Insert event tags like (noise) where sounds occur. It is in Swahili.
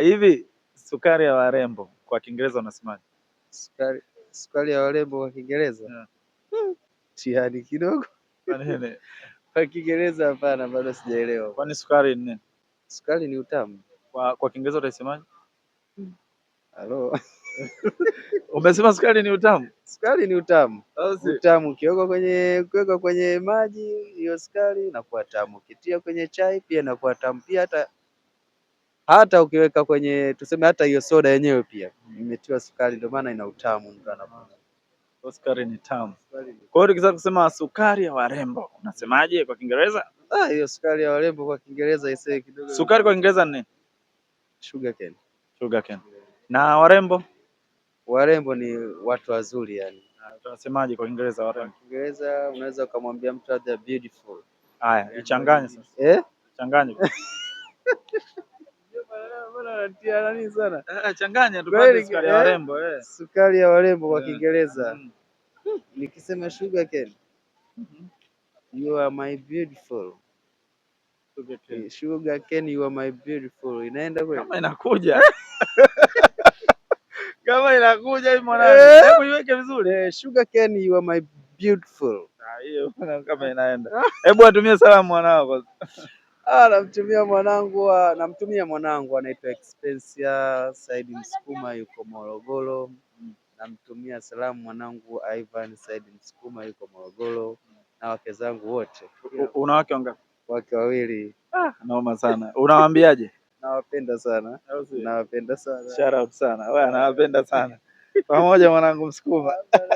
Hivi sukari ya warembo kwa Kiingereza unasemaje? Sukari, sukari ya warembo kwa Kiingereza? Yeah. Hmm. Tihani kidogo. (laughs) Kwa Kiingereza hapana, bado sijaelewa. Kwani sukari ni nini? Sukari ni utamu. Kwa kwa Kiingereza utasemaje? Hmm. Halo. (laughs) Umesema sukari ni utamu? Sukari ni utamu. Ozi. Utamu ukiweka kwenye kuweka kwenye maji hiyo sukari inakuwa tamu. Ukitia kwenye chai pia inakuwa tamu. Pia hata hata ukiweka kwenye tuseme, hata hiyo soda yenyewe pia imetiwa sukari, ndio maana ina utamu mtu anapokunywa. So, sukari ni tamu. Kwa hiyo tukiza kusema sukari ya warembo unasemaje kwa Kiingereza? Ah, hiyo sukari ya warembo kwa Kiingereza isee kidogo. Sukari kwa Kiingereza ni sugar cane. Sugar cane. Na warembo? Warembo ni watu wazuri yani. Tunasemaje kwa Kiingereza warembo? Kwa Kiingereza unaweza ukamwambia mtu they are beautiful. Haya, ichanganye sasa. Eh? Changanye. (laughs) anatia nani sana. Eh, eh changanya tu kwa sukari ya eh? warembo eh. Sukari ya warembo kwa eh. Kiingereza. Mm-hmm. Nikisema sugar cane. Mm-hmm. You are my beautiful. Sugar cane. Sugar cane, you are my beautiful. Inaenda kweli? Kama inakuja. (laughs) Kama inakuja hivi mwanangu. Hebu iweke vizuri. Sugar cane, you are my beautiful. Ah, hiyo kama inaenda. Hebu atumie salamu mwanao kwanza. (laughs) Ah, namtumia mwanangu namtumia mwanangu anaitwa Expensia Saidi Msukuma yuko Morogoro. Namtumia salamu mwanangu Ivan Saidi Msukuma yuko Morogoro na wake zangu wote. Una wake wangapi? Wake wawili. Ah, naoma sana. Unawaambiaje? Nawapenda sana. Nawapenda sana. Shout out sana. Wewe anawapenda sana. Pamoja mwanangu Msukuma. (laughs)